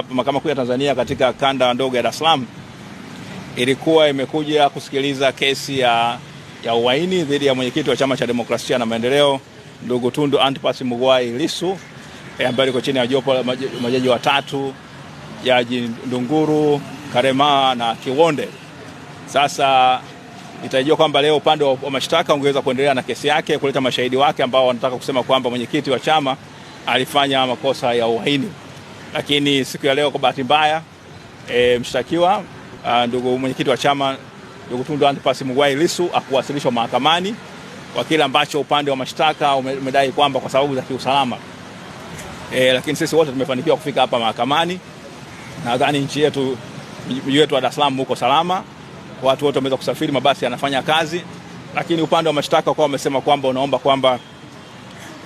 Mahakama Kuu ya Tanzania katika kanda ndogo ya Dar es Salaam ilikuwa imekuja kusikiliza kesi ya, ya uhaini dhidi ya mwenyekiti wa Chama cha Demokrasia na Maendeleo ndugu Tundu Antipas Mugwai Lissu eh, ambayo liko chini ya jopo la majaji watatu Jaji Ndunguru, Karema na Kiwonde. Sasa itajua kwamba leo upande wa mashtaka ungeweza kuendelea na kesi yake kuleta mashahidi wake ambao wanataka kusema kwamba mwenyekiti wa chama alifanya makosa ya uhaini. Lakini siku ya leo kwa bahati mbaya e, mshtakiwa ndugu mwenyekiti wa chama ndugu Tundu Antipas Mugwai Lissu akuwasilishwa mahakamani kwa kile ambacho upande wa mashtaka umedai kwamba kwa sababu za kiusalama e, lakini sisi wote tumefanikiwa kufika hapa mahakamani. Nadhani nchi yetu mji wetu wa Dar es Salaam uko salama, watu wote wameweza kusafiri, mabasi yanafanya kazi, lakini upande wa mashtaka kwa wamesema kwamba unaomba kwamba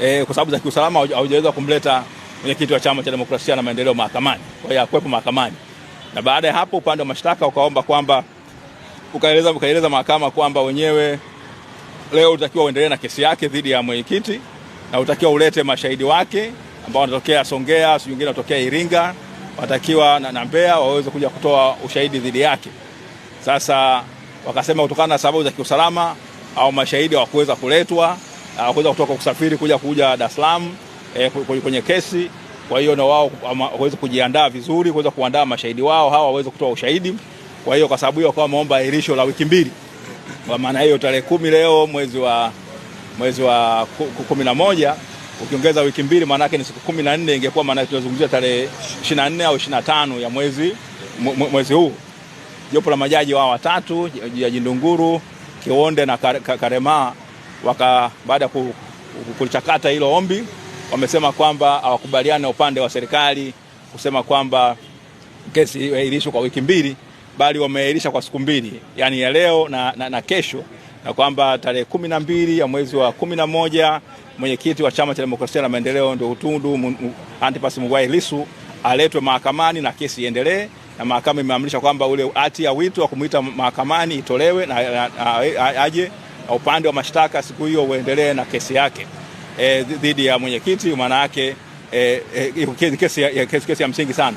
e, kwa sababu za kiusalama haujaweza kumleta mwenyekiti wa Chama cha Demokrasia na Maendeleo mahakamani, kwa hiyo hakuwepo mahakamani. Na baada ya hapo upande wa mashtaka ukaomba kwamba ukaeleza ukaeleza mahakama kwamba wenyewe leo utakiwa uendelee na kesi yake dhidi ya mwenyekiti na utakiwa ulete mashahidi wake ambao wanatokea Songea, si wengine wanatokea Iringa, watakiwa na Mbeya waweze kuja kutoa ushahidi dhidi yake. Sasa wakasema kutokana na sababu za kiusalama au mashahidi hawakuweza kuletwa, hawakuweza kutoka kusafiri kuja kuja Dar es Salaam eh, kwenye kesi. Kwa hiyo na wao waweze kujiandaa vizuri kuweza kuandaa mashahidi wao hawa waweze kutoa ushahidi. Kwa hiyo kwa sababu hiyo wakawa wameomba ahirisho la wiki mbili. Kwa maana hiyo tarehe kumi leo mwezi wa mwezi wa kumi na moja ukiongeza wiki mbili maana yake ni siku kumi na nne ingekuwa maana tunazungumzia tarehe 24 au 25 ya mwezi mwezi huu. Jopo la majaji wao watatu Jaji Ndunguru, Kionde na Karema waka baada ya kulichakata hilo ombi wamesema kwamba hawakubaliani na upande wa serikali kusema kwamba kesi hiyo iahirishwe kwa wiki mbili, bali wameahirisha kwa siku mbili, yaani ya leo na, na, na kesho, na kwamba tarehe kumi na mbili ya mwezi wa kumi na moja mwenyekiti wa Chama cha Demokrasia na Maendeleo ndio Tundu Antipas Mugwai Lissu aletwe mahakamani na kesi iendelee, na mahakama imeamrisha kwamba ule hati ya wito wa kumwita mahakamani itolewe na aje, upande wa mashtaka siku hiyo uendelee na kesi yake e, dhidi ya mwenyekiti, maana yake e, e, kesi ya, kesi ya msingi sana.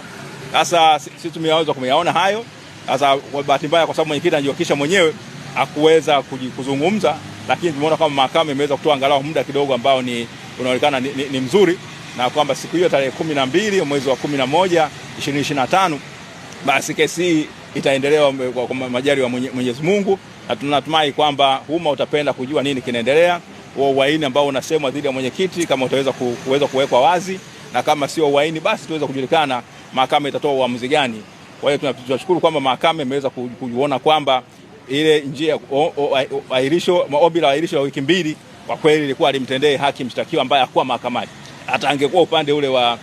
Sasa sisi tumeweza kumeyaona hayo. Sasa kwa bahati mbaya, kwa sababu mwenyekiti anajiwakisha mwenyewe hakuweza kuzungumza, lakini tumeona kama mahakama imeweza kutoa angalau muda kidogo ambao ni unaonekana ni, ni, ni mzuri na kwamba siku hiyo tarehe kumi na mbili mwezi wa kumi na moja ishirini ishirini na tano basi kesi hii itaendelewa kwa majari wa Mwenyezi Mungu, na tunatumai kwamba umma utapenda kujua nini kinaendelea huo uhaini ambao unasemwa dhidi ya mwenyekiti, kama utaweza kuweza kuwekwa wazi, na kama sio uhaini, basi tuweza kujulikana mahakama itatoa uamuzi gani. Kwa hiyo tunashukuru kwamba mahakama imeweza kuona kwamba ile njia ahirisho maombi la ahirisho la wiki mbili kwa kweli ilikuwa alimtendee haki mshtakiwa ambaye hakuwa mahakamani. Hata angekuwa upande ule wa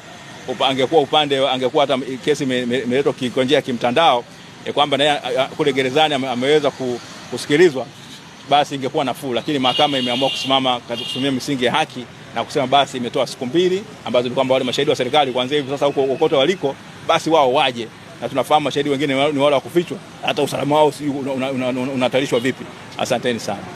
angekuwa upande angekuwa hata kesi imeletwa kwa njia ya kimtandao, kwamba naye kule gerezani ameweza kusikilizwa basi ingekuwa nafuu, lakini mahakama imeamua kusimama kusimamia misingi ya haki na kusema basi imetoa siku mbili ambazo ni kwamba wale mashahidi wa serikali kuanzia hivi sasa huko kokote waliko basi wao waje, na tunafahamu mashahidi wengine ni wale wa kufichwa, hata usalama wao unahatarishwa vipi. Asanteni sana.